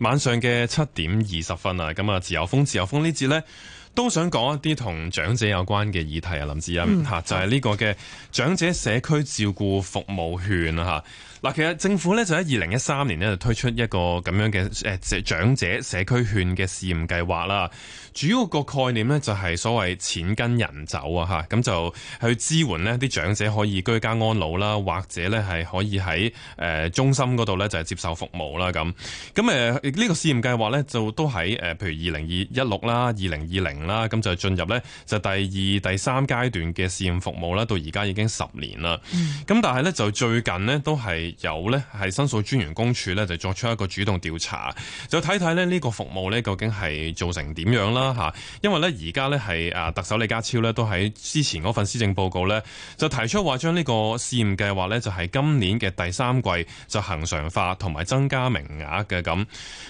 晚上嘅七點二十分啊，咁啊自由風自由風呢節呢，都想講一啲同長者有關嘅議題啊，林志欣嚇，嗯、就係呢個嘅長者社區照顧服務券啊嚇。嗱，其實政府呢，就喺二零一三年呢，就推出一個咁樣嘅誒長者社區券嘅試驗計劃啦。主要個概念咧就係所謂錢跟人走啊吓，咁就去支援咧啲長者可以居家安老啦，或者咧係可以喺誒、呃、中心嗰度咧就係接受服務啦咁。咁誒、呃這個、呢個試驗計劃咧就都喺誒、呃、譬如二零二一六啦、二零二零啦，咁就進入咧就第二、第三階段嘅試驗服務啦，到而家已經十年啦。咁、嗯、但係咧就最近咧都係有咧係申訴專員公署咧就作出一個主動調查，就睇睇咧呢、這個服務咧究竟係做成點樣啦。啦因為咧而家咧係啊特首李家超咧都喺之前嗰份施政報告咧就提出話將呢個試驗計劃咧就喺今年嘅第三季就恆常化同埋增加名額嘅咁。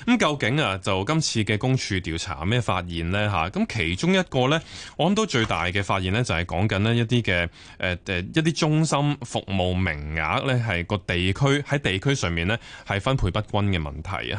咁究竟啊就今次嘅公署調查咩發現呢？嚇？咁其中一個咧我諗都最大嘅發現咧就係講緊呢一啲嘅、呃、一啲中心服務名額咧係個地區喺地區上面咧係分配不均嘅問題。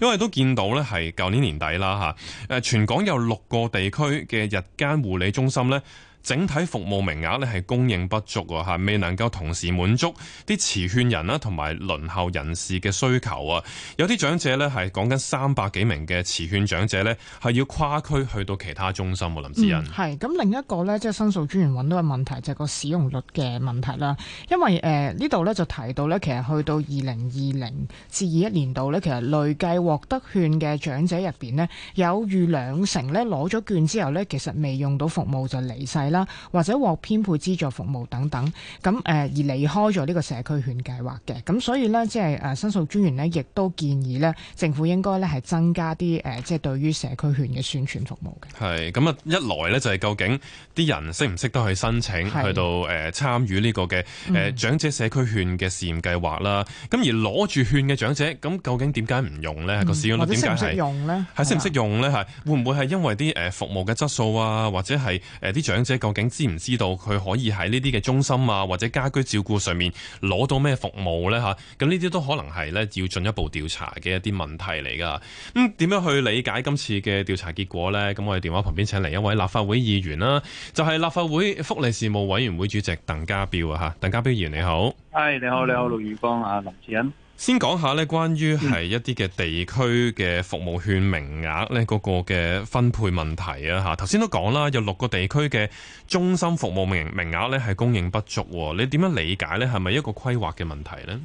因為都見到咧係舊年年底啦全港有。六個地區嘅日間護理中心咧。整體服務名額呢係供應不足啊，係未能夠同時滿足啲持券人啦同埋輪候人士嘅需求啊！有啲長者呢係講緊三百幾名嘅持券長者呢係要跨區去到其他中心。林志欣係咁，嗯、另一個呢即係申訴專員揾到嘅問題就係、是、個使用率嘅問題啦。因為誒呢度呢就提到呢，其實去到二零二零至二一年度呢，其實累計獲得券嘅長者入邊呢，有逾兩成呢攞咗券之後呢，其實未用到服務就離世。或者獲編配資助服務等等，咁誒而離開咗呢個社區券計劃嘅，咁所以呢，即係誒申訴專員呢，亦都建議呢政府應該呢係增加啲誒，即係對於社區券嘅宣傳服務嘅。係咁啊！一來呢，就係究竟啲人識唔識得去申請，去到誒參與呢個嘅誒長者社區券嘅試驗計劃啦。咁是而攞住券嘅長者，咁究竟點解唔用呢？個使用率呢點解唔用呢？係識唔識用呢？係、啊、會唔會係因為啲誒服務嘅質素啊，或者係誒啲長者？究竟知唔知道佢可以喺呢啲嘅中心啊，或者家居照顧上面攞到咩服務咧？吓，咁呢啲都可能係咧要進一步調查嘅一啲問題嚟噶。咁、嗯、點樣去理解今次嘅調查結果咧？咁我哋電話旁邊請嚟一位立法會議員啦，啊，就係，是，立法會福利事務委員會主席鄧家彪啊！吓，鄧家彪議員你好。係你好，你好，陸宇光啊，林志恩。先講下咧，關於係一啲嘅地區嘅服務券名額咧，嗰個嘅分配問題啊，吓，頭先都講啦，有六個地區嘅中心服務名名額咧係供應不足，你點樣理解咧？係咪一個規劃嘅問題咧？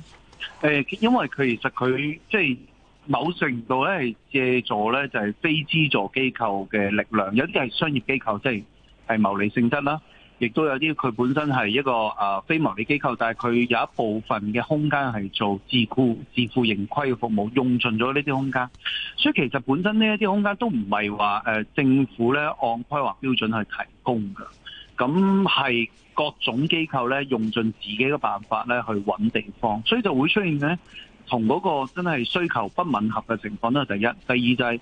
誒、呃，因為佢其實佢即係某程度咧係借助咧就係非資助機構嘅力量，有啲係商業機構，即係係牟利性質啦。亦都有啲佢本身係一個誒非牟利機構，但係佢有一部分嘅空間係做自雇自負盈虧嘅服務，用盡咗呢啲空間。所以其實本身呢一啲空間都唔係話誒政府咧按規劃標準去提供嘅，咁係各種機構咧用盡自己嘅辦法咧去揾地方，所以就會出現咧同嗰個真係需求不吻合嘅情況咧。第一，第二就係、是。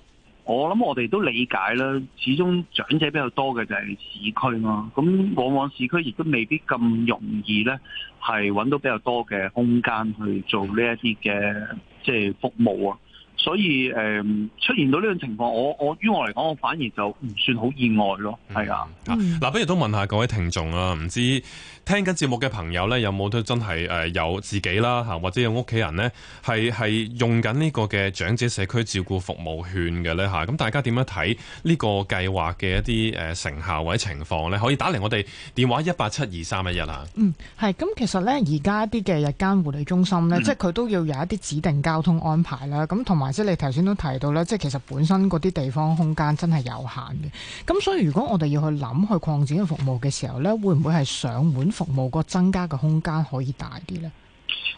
我諗我哋都理解啦，始終長者比較多嘅就係市區嘛。咁往往市區亦都未必咁容易咧，係揾到比較多嘅空間去做呢一啲嘅即係服務啊。所以誒、嗯、出現到呢種情況，我我於我嚟講我反而就唔算好意外咯，係、嗯、啊。嗱、嗯，啊、不如都問下各位聽眾啊，唔知聽緊節目嘅朋友咧，有冇都真係誒有自己啦吓或者有屋企人咧，係係用緊呢個嘅長者社區照顧服務券嘅咧吓，咁、啊、大家點樣睇呢個計劃嘅一啲誒成效或者情況咧？可以打嚟我哋電話一八七二三一一啊。嗯，係。咁其實咧，而家啲嘅日間護理中心咧，嗯、即係佢都要有一啲指定交通安排啦。咁同埋。即係你頭先都提到咧，即係其實本身嗰啲地方空間真係有限嘅。咁所以如果我哋要去諗去擴展嘅服務嘅時候呢，會唔會係上門服務個增加嘅空間可以大啲呢？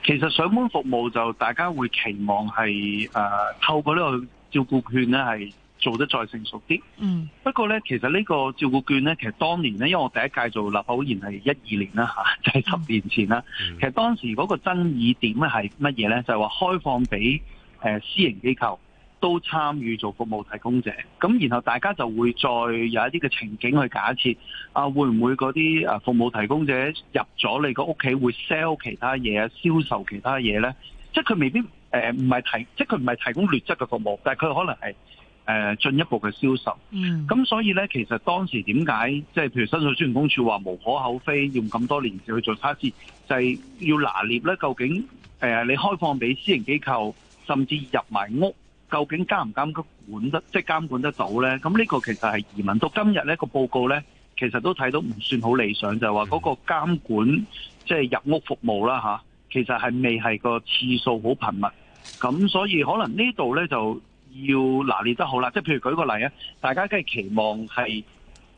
其實上門服務就大家會期望係誒、呃，透過呢個照顧券呢係做得再成熟啲。嗯。不過呢，其實呢個照顧券呢，其實當年呢，因為我第一屆做立法會議員係一二年啦吓，即係十年前啦。嗯、其實當時嗰個爭議點呢係乜嘢呢？就係、是、話開放俾。誒，私營機構都參與做服務提供者，咁然後大家就會再有一啲嘅情景去假設，啊，會唔會嗰啲啊服務提供者入咗你個屋企會 sell 其他嘢啊，銷售其他嘢咧？即係佢未必誒唔係提，即係佢唔係提供劣質嘅服務，但係佢可能係誒、呃、進一步嘅銷售。嗯，咁所以咧，其實當時點解即係譬如申訴專員公署話無可厚非，用咁多年時去做測試，就係、是、要拿捏咧究竟誒、呃、你開放俾私營機構。甚至入埋屋，究竟監唔監得管得，即係監管得到呢？咁呢個其實係疑問。到今日呢個報告呢，其實都睇到唔算好理想，就係話嗰個監管即係入屋服務啦嚇，其實係未係個次數好頻密。咁所以可能呢度呢就要拿捏得好啦。即係譬如舉個例啊，大家梗係期望係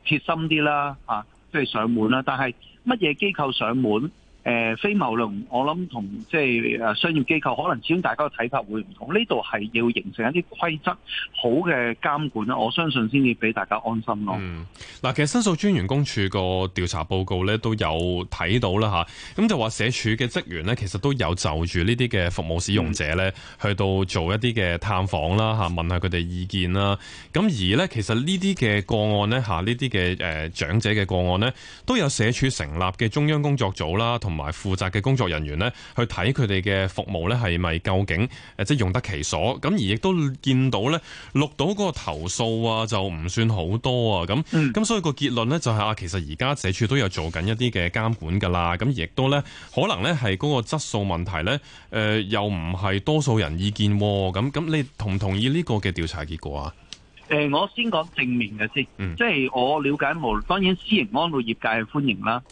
貼心啲啦嚇，即係上門啦。但係乜嘢機構上門？誒、呃、非牟利我諗同即係誒商業機構可能始終大家嘅睇法會唔同。呢度係要形成一啲規則好嘅監管啦，我相信先至俾大家安心咯。嗯，嗱，其實申訴專員公署個調查報告咧都有睇到啦吓，咁就話社署嘅職員咧，其實都有就住呢啲嘅服務使用者咧，去到做一啲嘅探訪啦吓，問下佢哋意見啦。咁而咧，其實呢啲嘅個案咧吓呢啲嘅誒長者嘅個案咧，都有社署成立嘅中央工作組啦，同，同埋負責嘅工作人員咧，去睇佢哋嘅服務咧，係咪究竟誒，即係用得其所？咁而亦都見到咧，錄到嗰個投訴啊，就唔算好多啊。咁咁，嗯、所以個結論咧就係、是、啊，其實而家社署都有做緊一啲嘅監管噶啦。咁亦都咧，可能咧係嗰個質素問題咧，誒、呃，又唔係多數人意見、啊。咁咁，你同唔同意呢個嘅調查結果啊？誒、呃，我先講正面嘅先，嗯、即係我了解無，無論當然私營安老業界係歡迎啦。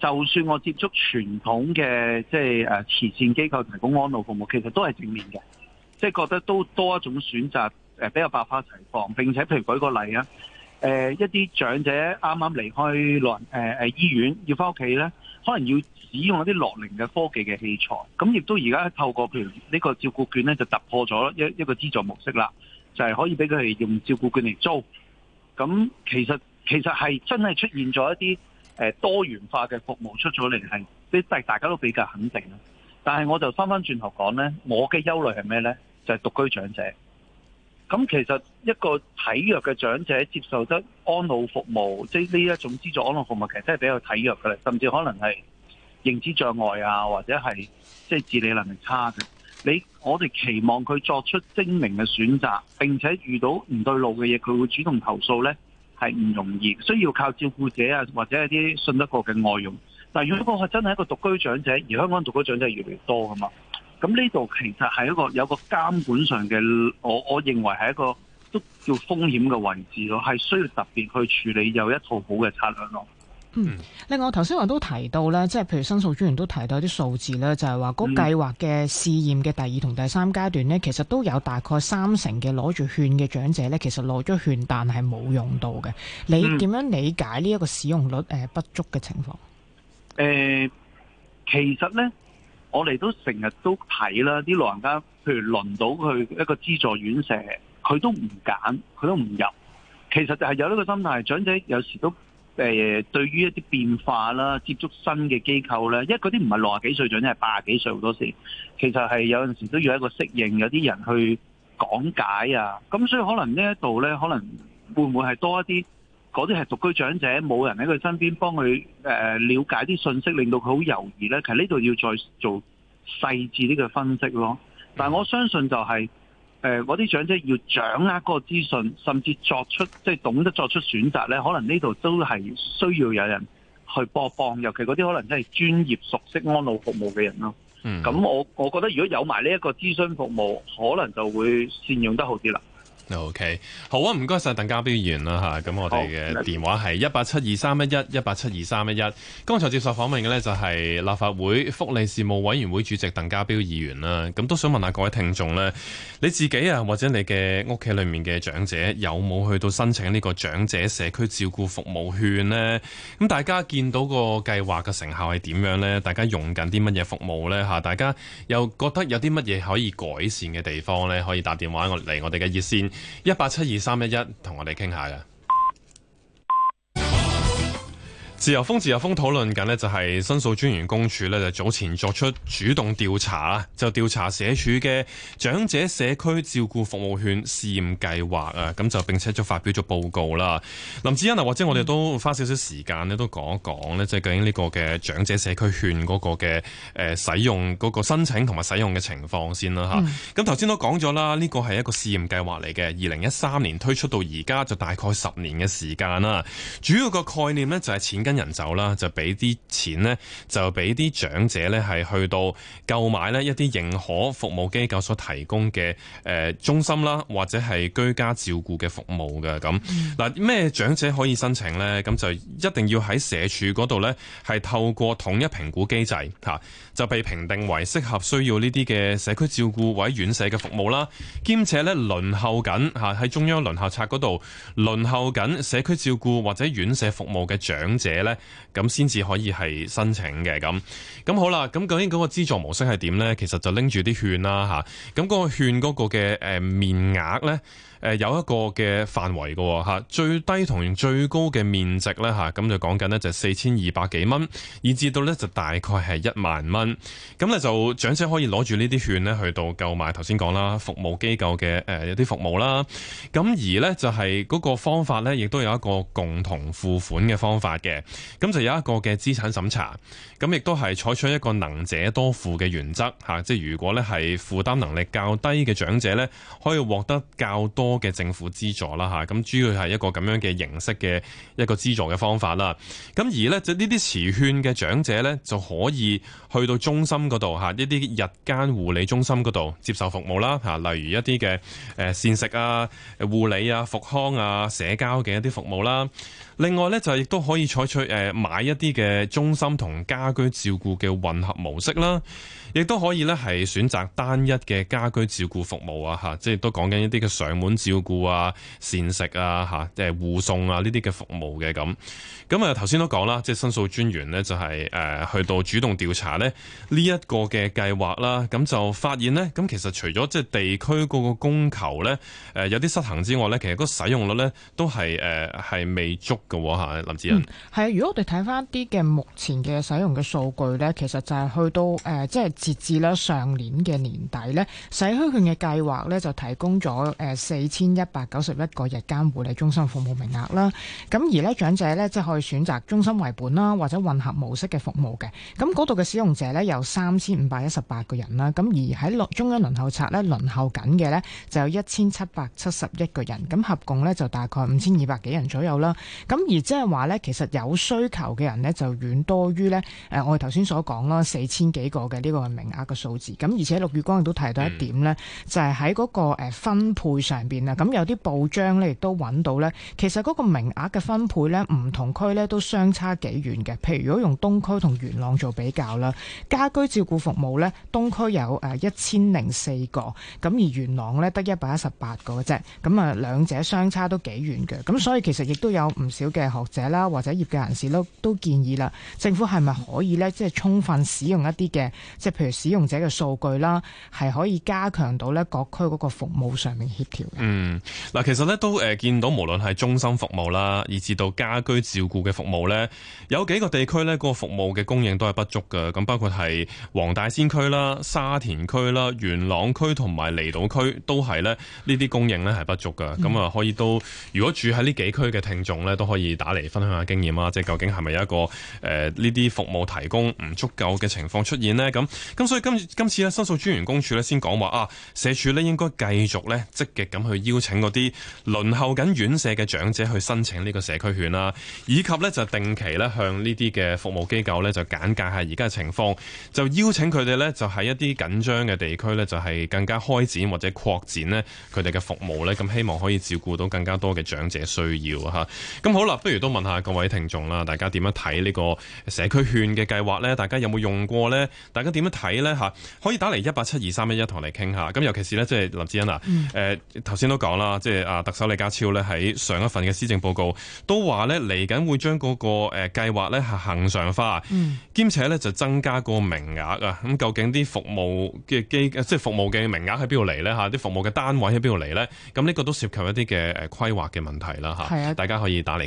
就算我接觸傳統嘅即係誒慈善機構提供安老服務，其實都係正面嘅，即係覺得都多一種選擇，誒比較百花齊放。並且譬如舉個例啊，誒一啲長者啱啱離開落誒誒醫院要翻屋企咧，可能要使用一啲樂齡嘅科技嘅器材。咁亦都而家透過譬如呢個照顧券咧，就突破咗一一個資助模式啦，就係可以俾佢哋用照顧券嚟租。咁其實其實係真係出現咗一啲。誒多元化嘅服務出咗嚟係，即係大家都比較肯定啦。但係我就翻翻轉頭講咧，我嘅憂慮係咩咧？就係、是、獨居長者。咁其實一個體弱嘅長者接受得安老服務，即係呢一種資助安老服務，其實都係比較體弱嘅咧，甚至可能係認知障礙啊，或者係即係自理能力差嘅。你我哋期望佢作出精明嘅選擇，並且遇到唔對路嘅嘢，佢會主動投訴咧？係唔容易，需要靠照顧者啊，或者係啲信得過嘅外傭。但如果個真係一個獨居長者，而香港獨居長者越嚟越多噶嘛，咁呢度其實係一個有一個監管上嘅，我我認為係一個都叫風險嘅位置咯，係需要特別去處理，有一套好嘅策略咯。嗯，另外我頭先我都提到啦，即係譬如申訴專員都提到啲數字啦，就係話嗰計劃嘅試驗嘅第二同第三階段呢，嗯、其實都有大概三成嘅攞住券嘅長者呢，其實攞咗券但係冇用到嘅。你點樣理解呢一個使用率誒不足嘅情況？誒、嗯嗯，其實呢，我哋都成日都睇啦，啲老人家譬如輪到佢一個資助院舍，佢都唔揀，佢都唔入。其實就係有呢個心態，長者有時都。誒對於一啲變化啦，接觸新嘅機構咧，因為嗰啲唔係六十幾歲長者，係八十幾歲好多時，其實係有陣時都要一個適應，有啲人去講解啊，咁所以可能呢一度咧，可能會唔會係多一啲嗰啲係獨居長者，冇人喺佢身邊幫佢誒、呃、了解啲信息，令到佢好猶豫咧。其實呢度要再做細緻啲嘅分析咯，但係我相信就係、是。誒，嗰啲、呃、長者要掌握個資訊，甚至作出即係懂得作出選擇咧，可能呢度都係需要有人去播放，尤其嗰啲可能真係專業熟悉安老服務嘅人咯。咁、嗯、我我覺得如果有埋呢一個諮詢服務，可能就會善用得好啲啦。OK，好啊，唔該晒鄧家彪議員啦吓，咁我哋嘅電話係一八七二三一一一八七二三一一。剛才接受訪問嘅呢，就係立法會福利事務委員會主席鄧家彪議員啦。咁都想問下各位聽眾呢，你自己啊或者你嘅屋企裏面嘅長者有冇去到申請呢個長者社區照顧服務券呢？咁大家見到個計劃嘅成效係點樣呢？大家用緊啲乜嘢服務呢吓？大家又覺得有啲乜嘢可以改善嘅地方呢？可以打電話嚟我哋嘅熱線。一八七二三一一，同我哋傾下㗎。自由風，自由風討論緊呢，就係申訴專員公署呢，就早前作出主動調查，就調查社署嘅長者社區照顧服務券試驗計劃啊，咁就並且就發表咗報告啦。林志恩啊，或者我哋都花少少時間呢都講一講呢，即係究竟呢個嘅長者社區券嗰個嘅誒使用嗰、嗰個申請同埋使用嘅情況先啦吓。咁頭先都講咗啦，呢個係一個試驗計劃嚟嘅，二零一三年推出到而家就大概十年嘅時間啦。主要個概念呢，就係錢。跟人走啦，就俾啲錢呢就俾啲長者呢係去到購買呢一啲認可服務機構所提供嘅誒中心啦，或者係居家照顧嘅服務嘅。咁。嗱，咩長者可以申請呢？咁就一定要喺社署嗰度呢係透過統一評估機制嚇就被評定為適合需要呢啲嘅社區照顧或者院舍嘅服務啦。兼且呢，輪候緊嚇喺中央輪候冊嗰度輪候緊社區照顧或者院舍服務嘅長者。咧，咁先至可以係申請嘅咁，咁好啦，咁究竟嗰個資助模式係點咧？其實就拎住啲券啦嚇咁嗰個券嗰個嘅、呃、面額咧。誒有一個嘅範圍嘅吓，最低同最高嘅面值咧吓，咁就講緊咧就四千二百幾蚊，以至到咧就大概係一萬蚊。咁咧就長者可以攞住呢啲券咧去到購買頭先講啦服務機構嘅誒有啲服務啦。咁而咧就係嗰個方法咧，亦都有一個共同付款嘅方法嘅。咁就有一個嘅資產審查，咁亦都係採取一個能者多付嘅原則吓，啊，即係如果咧係負擔能力較低嘅長者咧，可以獲得較多多嘅政府資助啦嚇，咁主要係一個咁樣嘅形式嘅一個資助嘅方法啦。咁而呢就呢啲持券嘅長者呢，就可以去到中心嗰度嚇，一啲日間護理中心嗰度接受服務啦嚇，例如一啲嘅膳食啊、護理啊、復康啊、社交嘅一啲服務啦。另外咧就係亦都可以採取誒買一啲嘅中心同家居照顧嘅混合模式啦，亦都可以咧係選擇單一嘅家居照顧服務啊嚇，即係都講緊一啲嘅上門照顧啊、膳食啊嚇、即誒護送啊呢啲嘅服務嘅咁。咁啊頭先都講啦，即係申訴專員呢，就係誒去到主動調查呢呢一個嘅計劃啦，咁就發現呢，咁其實除咗即係地區嗰個供求呢，誒有啲失衡之外呢，其實個使用率呢，都係誒係未足。個林子倫係啊！如果我哋睇翻啲嘅目前嘅使用嘅數據咧，其實就係去到誒，呃，即係截至咧上年嘅年底咧，社區券嘅計劃咧就提供咗誒四千一百九十一個日間護理中心服務名額啦。咁而咧長者咧即係可以選擇中心為本啦，或者混合模式嘅服務嘅。咁嗰度嘅使用者咧有三千五百一十八個人啦。咁而喺中央輪候冊咧輪候緊嘅咧就有一千七百七十一個人。咁合共咧就大概五千二百幾人左右啦。咁咁而即係話咧，其實有需求嘅人咧就遠多於咧，誒我哋頭先所講啦，四千幾個嘅呢個名額嘅數字。咁而且陸月光亦都提到一點咧，就係喺嗰個誒分配上邊啊，咁有啲報章咧亦都搵到咧，其實嗰個名額嘅分配咧，唔同區咧都相差幾遠嘅。譬如如果用東區同元朗做比較啦，家居照顧服務咧，東區有誒一千零四個，咁而元朗咧得一百一十八個嘅啫。咁啊兩者相差都幾遠嘅。咁所以其實亦都有唔少。嘅學者啦，或者業界人士都都建議啦，政府係咪可以咧，即係充分使用一啲嘅，即係譬如使用者嘅數據啦，係可以加強到咧各區嗰個服務上面協調嘅。嗯，嗱，其實咧都誒見到，無論係中心服務啦，以至到家居照顧嘅服務咧，有幾個地區咧個服務嘅供應都係不足嘅。咁包括係黃大仙區啦、沙田區啦、元朗區同埋離島區都係咧呢啲供應咧係不足嘅。咁啊、嗯，可以都如果住喺呢幾區嘅聽眾咧，都可以。可以打嚟分享下經驗啊！即係究竟係咪有一個誒呢啲服務提供唔足夠嘅情況出現呢？咁咁所以今次今次呢，申訴專員公署呢，先講話啊，社署呢應該繼續呢積極咁去邀請嗰啲輪候緊院舍嘅長者去申請呢個社區券啦，以及呢就定期呢向呢啲嘅服務機構呢就簡介下而家嘅情況，就邀請佢哋呢就喺一啲緊張嘅地區呢，就係更加開展或者擴展呢佢哋嘅服務呢。咁希望可以照顧到更加多嘅長者需要啊！嚇，咁好。好啦，不如都問下各位聽眾啦，大家點樣睇呢個社區券嘅計劃咧？大家有冇用過咧？大家點樣睇咧？嚇，可以打嚟一八七二三一一同我哋傾下。咁尤其是咧，即係林志恩啊，誒頭先都講啦，即係啊特首李家超咧喺上一份嘅施政報告都話咧嚟緊會將嗰個誒計劃咧係恆常化，兼、嗯、且咧就增加個名額啊。咁究竟啲服務嘅基，即係服務嘅名額喺邊度嚟咧？嚇，啲服務嘅單位喺邊度嚟咧？咁、這、呢個都涉及一啲嘅誒規劃嘅問題啦，係啊，大家可以打嚟。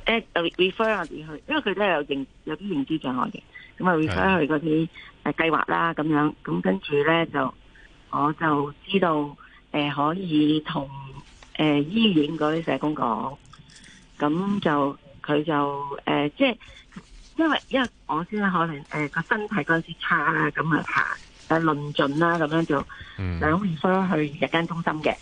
誒 refer 我哋去，因為佢咧有認有啲認知障礙嘅，咁啊 refer 去嗰啲誒計劃啦咁樣，咁跟住咧就我就知道誒、呃、可以同誒、呃、醫院嗰啲社工講，咁就佢就誒、呃、即係因為因為我先可能誒個、呃、身體嗰陣時差啦，咁啊行誒論盡啦，咁樣就 refer 去日間中心嘅。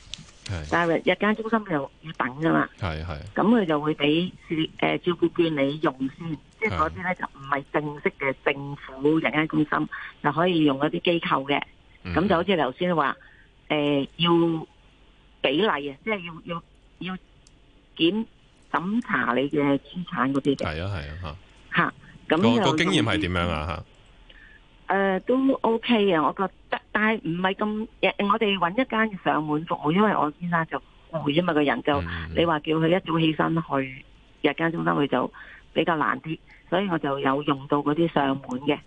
但係日間中心又要等噶嘛，係係，咁佢就會俾誒照顧券你用先，即係嗰啲咧就唔係正式嘅政府日間中心，就可以用一啲機構嘅，咁就好似、呃、你頭先話誒要比例啊，即係要要要檢審查你嘅資產嗰啲嘅，係啊係啊，嚇嚇，咁個經驗係點樣啊嚇？誒、呃，都 OK 嘅，我覺得，但係唔係咁，我哋揾一間上門服務，因為我先生就攰啊嘛，個人就你話叫佢一早起身去日間中心去就比較難啲，所以我就有用到嗰啲上門嘅。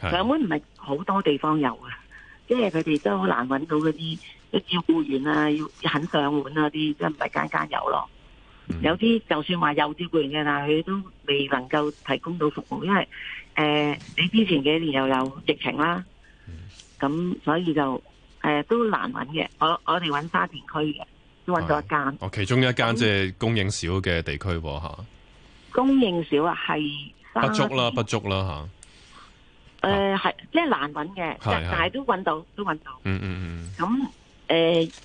是的 上門唔係好多地方有嘅，即係佢哋都好難揾到嗰啲嘅照顧員啊，要肯上門啊啲，即係唔係間間有咯。有啲就算話有照顧員嘅，但係佢都未能夠提供到服務，因為誒，你之前幾年又有疫情啦，咁所以就誒都難揾嘅。我我哋揾沙田區嘅，都揾到一間。哦，其中一間即係供應少嘅地區吓。供應少啊，係不足啦，不足啦吓。誒，係即係難揾嘅，但係都揾到，都揾到。嗯嗯嗯。咁誒。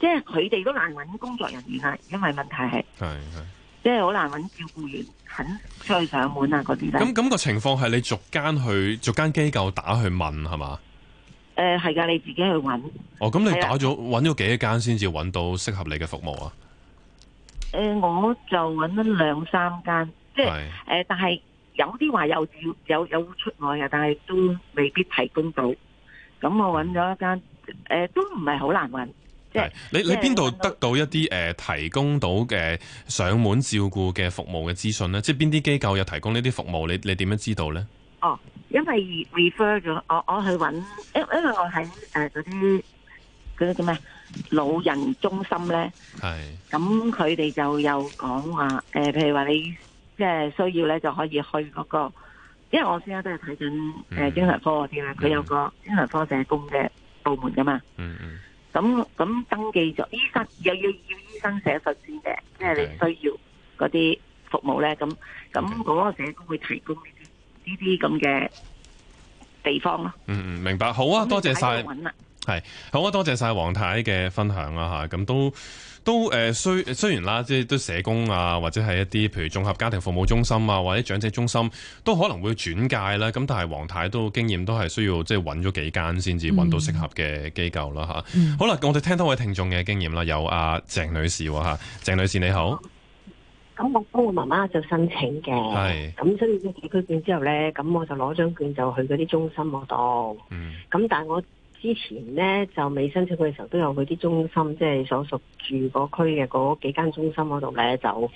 即係佢哋都難揾工作人員，因為問題係，即係好難揾照顧員肯出去上門啊嗰啲咧。咁咁個情況係你逐間去逐間機構打去問係咪？誒係噶，你自己去揾。哦，咁你打咗揾咗幾多間先至揾到適合你嘅服務啊？誒，我就揾咗兩三間，即係誒，但係有啲話有有有出外嘅，但係都未必提供到。咁我揾咗一間，誒，都唔係好難揾。係即你你邊度得到一啲誒、呃、提供到嘅上門照顧嘅服務嘅資訊咧？即係邊啲機構有提供呢啲服務？你你點樣知道咧？哦，因為 refer 咗我我去因因為我喺誒嗰啲啲叫咩老人中心咧。係咁是，佢哋就有講話誒，譬如話你即係需要咧，就可以去嗰，那個，因為我先家都係睇緊誒精神科嗰啲啦，佢有個精神科社工嘅部門噶嘛。嗯嗯。嗯咁咁登記咗，醫生又要要醫生寫信先嘅，即係你需要嗰啲服務咧。咁咁嗰個社工會提供呢啲呢啲咁嘅地方咯。嗯嗯，明白。好啊，多謝晒。係好啊，多謝晒黃太嘅分享啊！吓，咁都。都誒雖雖然啦，即係都社工啊，或者係一啲譬如綜合家庭服務中心啊，或者長者中心，都可能會轉介啦。咁但係黃太都經驗都係需要即係揾咗幾間先至揾到適合嘅機構啦吓，嗯、好啦，我哋聽到位聽眾嘅經驗啦，有阿鄭女士吓，鄭女士你好。咁我幫我媽媽就申請嘅，係咁，所以啲社區券之後咧，咁我就攞張券就去嗰啲中心嗰度。嗯。咁，但係我。之前咧就未申請佢嘅時候，都有佢啲中心，即係所屬住嗰區嘅嗰幾間中心嗰度咧，就誒、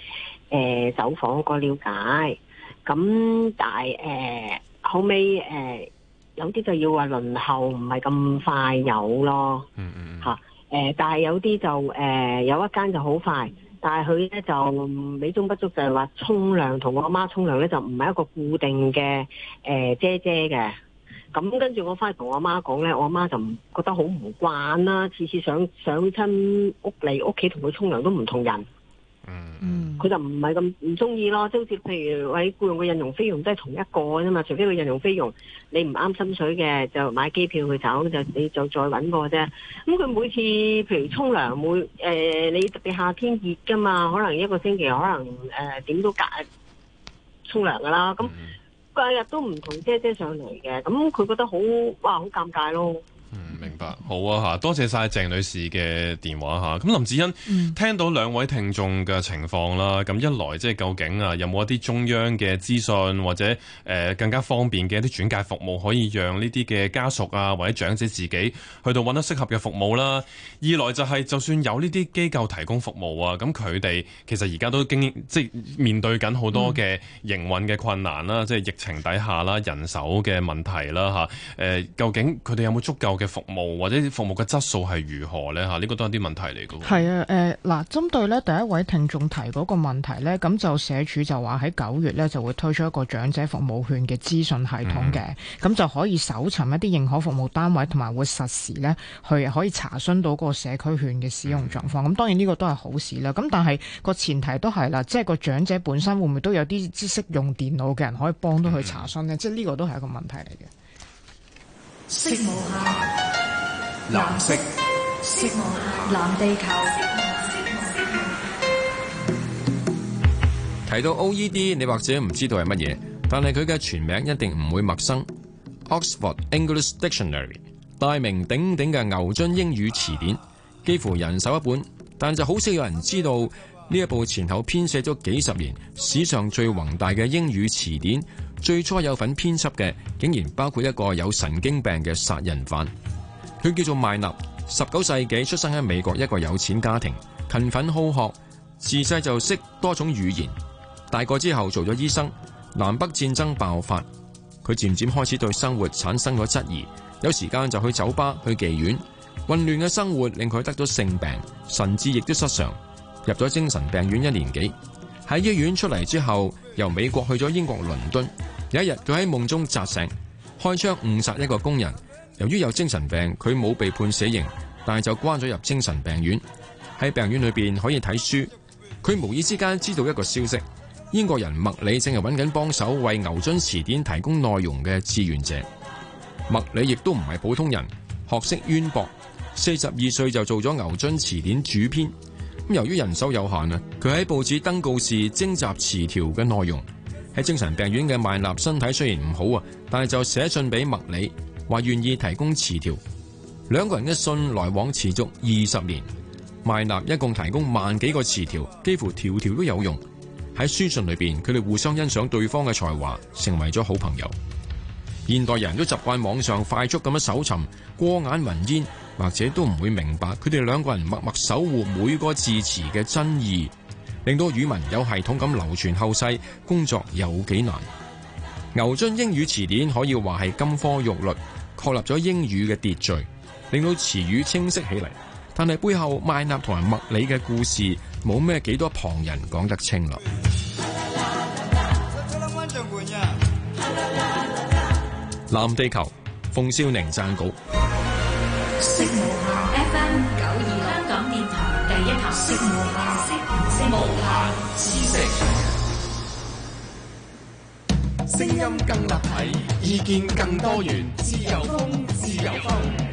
呃、走訪過了解。咁但係誒、呃、後尾，誒、呃、有啲就要話輪候，唔係咁快有咯。嗯嗯、啊呃、但係有啲就誒、呃、有一間就好快，但係佢咧就美中不足就係話沖涼同我媽沖涼咧就唔係一個固定嘅誒、呃、遮遮嘅。咁跟住我翻去同我阿媽講呢，我阿媽就唔覺得好唔慣啦、啊，次次上上親屋嚟屋企同佢沖涼都唔同人，嗯，佢就唔係咁唔中意咯，即係好似譬如喺雇傭嘅任用費用都係同一個啫嘛，除非佢任用費用你唔啱心水嘅，就買機票去走，就你就再揾過啫。咁、嗯、佢每次譬如沖涼，每誒、呃、你特別夏天熱㗎嘛，可能一個星期可能誒點、呃、都隔日沖涼噶啦，咁、嗯。日日都唔同姐姐上嚟嘅，咁佢覺得好哇，好尷尬咯。嗯，明白，好啊吓，多謝晒鄭女士嘅電話吓。咁林子欣、嗯、聽到兩位聽眾嘅情況啦，咁一來即係究竟啊，有冇一啲中央嘅資訊或者誒更加方便嘅一啲轉介服務，可以讓呢啲嘅家屬啊或者長者自己去到揾得適合嘅服務啦。二來就係就算有呢啲機構提供服務啊，咁佢哋其實而家都經即係、就是、面對緊好多嘅營運嘅困難啦，即係、嗯、疫情底下啦，人手嘅問題啦吓。誒，究竟佢哋有冇足夠嘅？服務或者服務嘅質素係如何呢？吓、啊、呢、這個都係啲問題嚟嘅。係啊，誒、呃，嗱，針對咧第一位聽眾提嗰個問題呢，咁就社署就話喺九月呢就會推出一個長者服務券嘅資訊系統嘅，咁、嗯、就可以搜尋一啲認可服務單位，同埋會實時呢去可以查詢到嗰個社區券嘅使用狀況。咁、嗯、當然呢個都係好事啦。咁但係個前提都係啦，即、就、係、是、個長者本身會唔會都有啲知識用電腦嘅人可以幫到去查詢呢？嗯、即係呢個都係一個問題嚟嘅。色無下藍色。色無限，藍地球。母提到 O E D，你或者唔知道係乜嘢，但係佢嘅全名一定唔會陌生。Oxford English Dictionary，大名鼎鼎嘅牛津英語詞典，幾乎人手一本，但就好少有人知道呢一部前後編寫咗幾十年，史上最宏大嘅英語詞典。最初有份編輯嘅，竟然包括一個有神經病嘅殺人犯。佢叫做邁納，十九世紀出生喺美國一個有錢家庭，勤奮好學，自細就識多種語言。大個之後做咗醫生。南北戰爭爆發，佢漸漸開始對生活產生咗質疑，有時間就去酒吧、去妓院。混亂嘅生活令佢得到性病，甚至亦都失常，入咗精神病院一年幾。喺醫院出嚟之後，由美國去咗英國倫敦。有一日，佢喺夢中扎醒，開槍誤殺一個工人。由於有精神病，佢冇被判死刑，但係就關咗入精神病院。喺病院裏邊可以睇書。佢無意之間知道一個消息：英國人麥里正係揾緊幫手，為牛津詞典提供內容嘅志願者。麥里亦都唔係普通人，學識淵博，四十二歲就做咗牛津詞典主編。由於人手有限啊，佢喺報紙登告示徵集詞條嘅內容。喺精神病院嘅麥納身體雖然唔好啊，但係就寫信俾墨里，話願意提供詞條。兩個人嘅信來往持續二十年，麥納一共提供萬幾個詞條，幾乎條條都有用。喺書信裏邊，佢哋互相欣賞對方嘅才華，成為咗好朋友。現代人都習慣網上快速咁樣搜尋，過眼雲煙，或者都唔會明白佢哋兩個人默默守護每個字詞嘅真意。令到語文有系統咁流傳後世，工作有幾難。牛津英語詞典可以話係金科玉律，確立咗英語嘅秩序，令到詞語清晰起嚟。但係背後邁納同埋麥理嘅故事，冇咩幾多旁人講得清咯。藍地球，馮少寧撰稿。聲音更立體，意見更多元，自由風，自由風，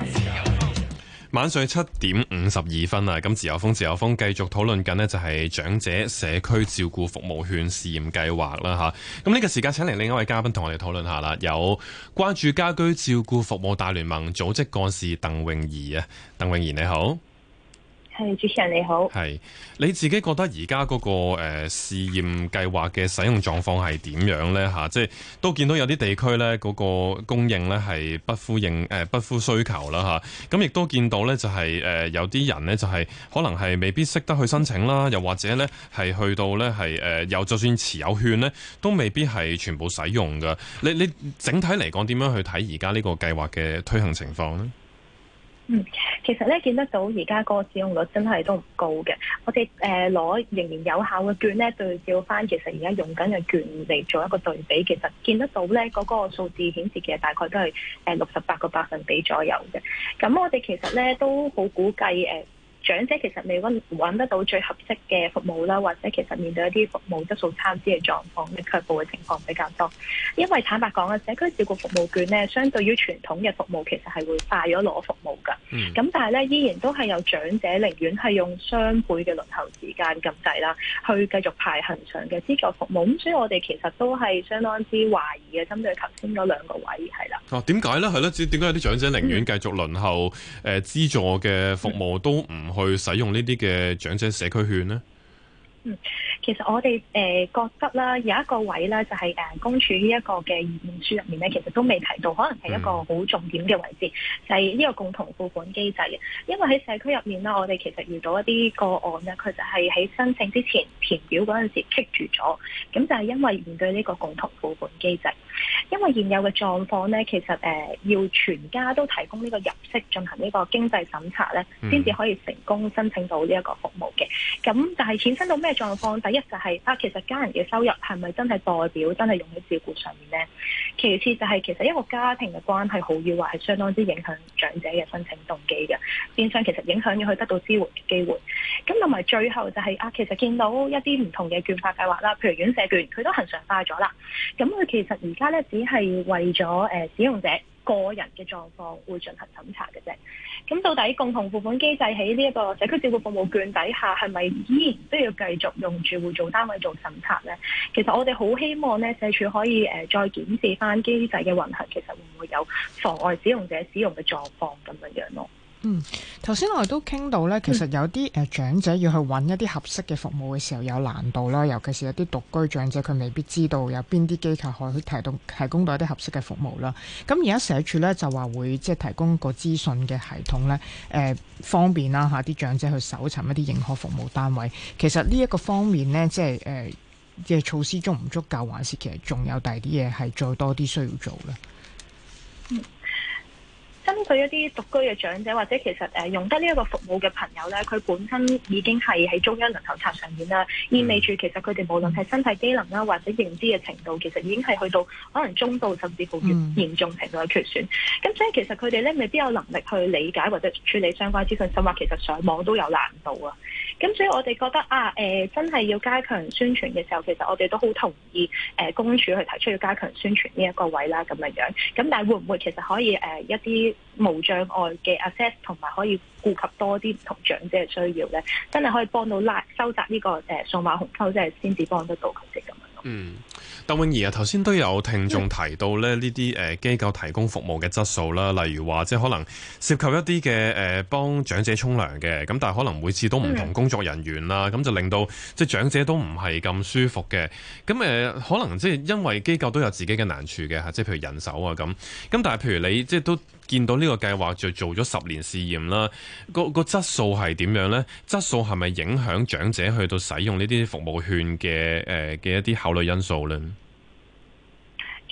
自由風。晚上七點五十二分啦，咁自由風，自由風繼續討論緊咧，就係長者社區照顧服務券試驗計劃啦，吓，咁呢個時間請嚟另一位嘉賓同我哋討論一下啦，有關注家居照顧服務大聯盟組織幹事鄧穎怡啊，鄧穎怡你好。係主持人你好，係你自己覺得而家嗰個誒試驗計劃嘅使用狀況係點樣咧？吓、啊，即係都見到有啲地區咧嗰個供應咧係不敷應誒、呃、不敷需求啦吓，咁、啊、亦、嗯、都見到咧就係、是、誒、呃、有啲人咧就係可能係未必識得去申請啦，又或者咧係去到咧係誒又就算持有券咧都未必係全部使用噶。你你整體嚟講點樣去睇而家呢個計劃嘅推行情況呢？嗯，其實咧見得到而家嗰個使用率真係都唔高嘅。我哋誒攞仍然有效嘅券咧對照返，其實而家用緊嘅券嚟做一個對比，其實見得到咧，嗰、那個數字顯示其實大概都係誒六十八個百分比左右嘅。咁我哋其實咧都好估計誒。呃長者其實未揾揾得到最合適嘅服務啦，或者其實面對一啲服務質素參差嘅狀況、嘅卻步嘅情況比較多。因為坦白講嘅社區照顧服務券呢，相對於傳統嘅服務，其實係會快咗攞服務㗎。咁、嗯、但係呢，依然都係有長者寧願係用雙倍嘅輪候時間咁滯啦，去繼續排恆常嘅資助服務。咁所以我哋其實都係相當之懷疑嘅，針對頭先嗰兩個位係啦。啊，點解呢？係啦，點解有啲長者寧願繼續輪候誒、嗯呃、資助嘅服務都唔去使用呢啲嘅長者社區券咧。嗯，其實我哋誒、呃、覺得啦，有一個位咧就係、是、誒公署呢一個嘅意見書入面咧，其實都未提到，可能係一個好重點嘅位置，嗯、就係呢個共同付款機制嘅。因為喺社區入面啦，我哋其實遇到一啲個案咧，佢就係喺申請之前填表嗰陣時棘住咗，咁就係因為面對呢個共同付款機制。因為現有嘅狀況咧，其實誒、呃、要全家都提供呢個入息進行呢個經濟審查咧，先至可以成功申請到呢一個服務嘅。咁但係衍生到咩？狀況，第一就係、是、啊，其實家人嘅收入係咪真係代表真係用喺照顧上面呢？其次就係、是、其實一個家庭嘅關係好與壞係相當之影響長者嘅申請動機嘅，變相其實影響咗佢得到支援嘅機會。咁同埋最後就係、是、啊，其實見到一啲唔同嘅券法計劃啦，譬如院舍券，佢都恒常化咗啦。咁佢其實而家咧只係為咗誒、呃、使用者。個人嘅狀況會進行審查嘅啫。咁到底共同付款機制喺呢一個社區照顧服務券底下，係咪依然都要繼續用住戶做單位做審查呢？其實我哋好希望呢社署可以誒再檢視翻機制嘅運行，其實會唔會有妨礙使用者使用嘅狀況咁嘅樣咯。嗯，頭先我哋都傾到咧，其實有啲誒長者要去揾一啲合適嘅服務嘅時候有難度啦，嗯、尤其是有啲獨居長者，佢未必知道有邊啲機構可以提供提供到一啲合適嘅服務啦。咁而家社署咧就話會即係提供個資訊嘅系統咧，誒、呃、方便啦吓啲長者去搜尋一啲認可服務單位。其實呢一個方面呢，即係誒嘅措施足唔足夠，還是還其實仲有第二啲嘢係再多啲需要做咧？嗯根據一啲獨居嘅長者或者其實誒、呃、用得呢一個服務嘅朋友咧，佢本身已經係喺中央輪候冊上面啦，意味住其實佢哋無論係身體機能啦或者認知嘅程度，其實已經係去到可能中度甚至乎越嚴重程度嘅缺損。咁所以其實佢哋咧未必有能力去理解或者處理相關資訊，甚至其實上網都有難度啊。咁所以我哋覺得啊，誒、呃、真係要加強宣傳嘅時候，其實我哋都好同意誒、呃、公署去提出要加強宣傳呢一個位啦，咁樣樣。咁但係會唔會其實可以誒、呃、一啲無障礙嘅 access，同埋可以顧及多啲唔同長者嘅需要咧？真係可以幫到拉收集呢個誒數碼鴻溝，即係先至幫得到佢哋咁啊！嗯，鄧穎怡啊，頭先都有聽眾提到咧，呢啲誒機構提供服務嘅質素啦，例如話即係可能涉及一啲嘅誒幫長者沖涼嘅，咁但係可能每次都唔同工作人員啦，咁、嗯、就令到即係長者都唔係咁舒服嘅，咁誒可能即係因為機構都有自己嘅難處嘅吓，即係譬如人手啊咁，咁但係譬如你即係都。見到呢個計劃就做咗十年試驗啦，個個質素係點樣呢？質素係咪影響長者去到使用呢啲服務券嘅誒嘅一啲考慮因素呢？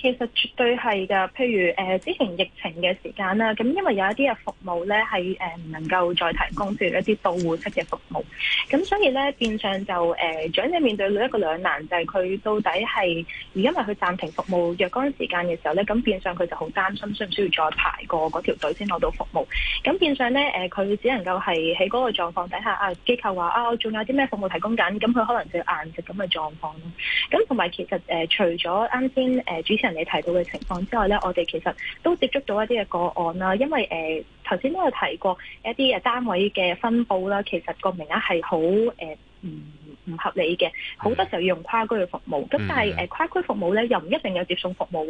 其實絕對係噶，譬如誒之前疫情嘅時間啦，咁因為有一啲嘅服務咧係誒唔能夠再提供，譬如一啲到戶式嘅服務，咁所以咧變相就誒長者面對另一個兩難，就係、是、佢到底係而因為佢暫停服務若干時間嘅時候咧，咁變相佢就好擔心需唔需要再排過嗰條隊先攞到服務，咁變相咧誒佢只能夠係喺嗰個狀況底下啊機構話啊，我仲有啲咩服務提供緊？咁佢可能就要硬食咁嘅狀況咯。咁同埋其實誒除咗啱先誒主持人。你提到嘅情況之外呢，我哋其實都接觸到一啲嘅個案啦。因為誒頭先都有提過一啲誒單位嘅分佈啦，其實個名額係好誒唔唔合理嘅。好多時候要用跨區嘅服務，咁但係誒跨區服務呢，又唔一定有接送服務。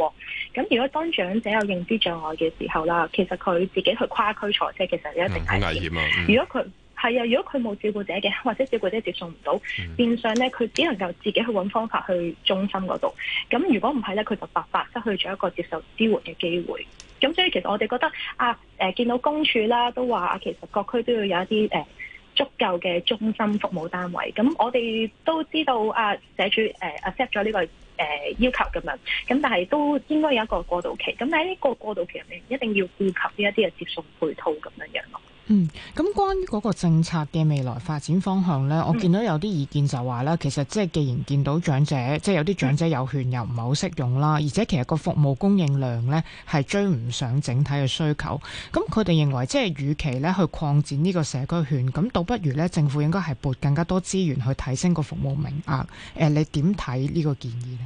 咁如果當長者有認知障礙嘅時候啦，其實佢自己去跨區坐車其實一定係危險，嗯，危險啊嗯，如果佢係啊，如果佢冇照顧者嘅，或者照顧者接送唔到，嗯、變相咧佢只能夠自己去揾方法去中心嗰度。咁如果唔係咧，佢就白白失去咗一個接受支援嘅機會。咁所以其實我哋覺得啊、呃，見到公署啦，都話啊，其實各區都要有一啲、呃、足夠嘅中心服務單位。咁我哋都知道啊，社署 accept 咗呢個、呃、要求咁樣。咁但係都應該有一個過渡期。咁喺呢個過渡期入面，一定要顧及呢一啲嘅接送配套咁樣樣咯。嗯，咁關於嗰個政策嘅未來發展方向咧，我見到有啲意見就話咧，嗯、其實即係既然見到長者即係有啲長者有券又唔係好識用啦，而且其實個服務供應量咧係追唔上整體嘅需求，咁佢哋認為即係與其咧去擴展呢個社區券，咁倒不如咧政府應該係撥更加多資源去提升個服務名額。呃、你點睇呢個建議呢？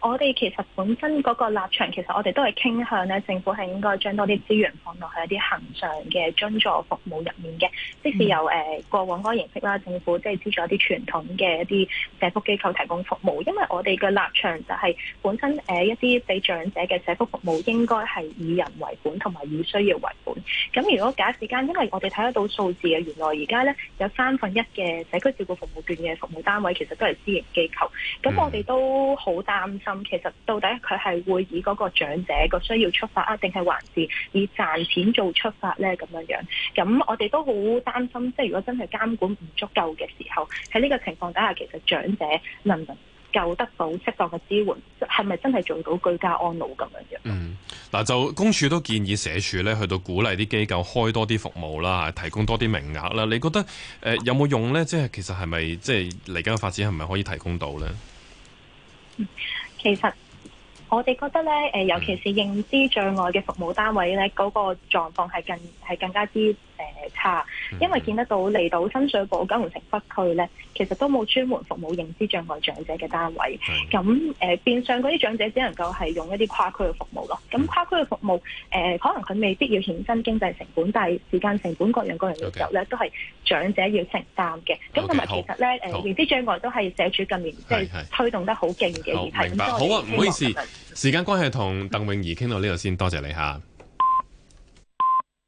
我哋其實本身嗰個立場，其實我哋都係傾向咧，政府係應該將多啲資源放落去一啲恒常嘅津助服務入面嘅。即使由誒過往嗰個形式啦，政府即係資助一啲傳統嘅一啲社福機構提供服務。因為我哋嘅立場就係本身一啲俾長者嘅社福服務應該係以人為本同埋以需要為本。咁如果假設間，因為我哋睇得到數字嘅，原來而家咧有三分一嘅社區照顧服務券嘅服務單位其實都係私營機構。咁我哋都好擔。咁其實到底佢係會以嗰個長者個需要出發啊，定係還是以賺錢做出發呢？咁樣樣，咁我哋都好擔心，即係如果真係監管唔足夠嘅時候，喺呢個情況底下，其實長者能唔能夠得到適當嘅支援，係咪真係做到居家安老咁樣樣？嗯，嗱，就公署都建議社署呢去到鼓勵啲機構開多啲服務啦，提供多啲名額啦。你覺得誒、呃、有冇用呢？即係其實係咪即係嚟緊嘅發展係咪可以提供到呢？嗯其實我哋覺得咧，誒尤其是認知障礙嘅服務單位咧，嗰個狀況係係更係更加之差，因為見得到嚟到深水埗九龍城北區呢，其實都冇專門服務認知障礙長者嘅單位。咁誒，變相嗰啲長者只能夠係用一啲跨區嘅服務咯。咁跨區嘅服務誒，可能佢未必要衍生經濟成本，但係時間成本各樣各樣嘅時候呢，都係長者要承擔嘅。咁同埋其實呢，誒認知障礙都係社署近年即係推動得好勁嘅議題。好啊，唔好意思，時間關係同鄧穎怡傾到呢度先，多謝你嚇。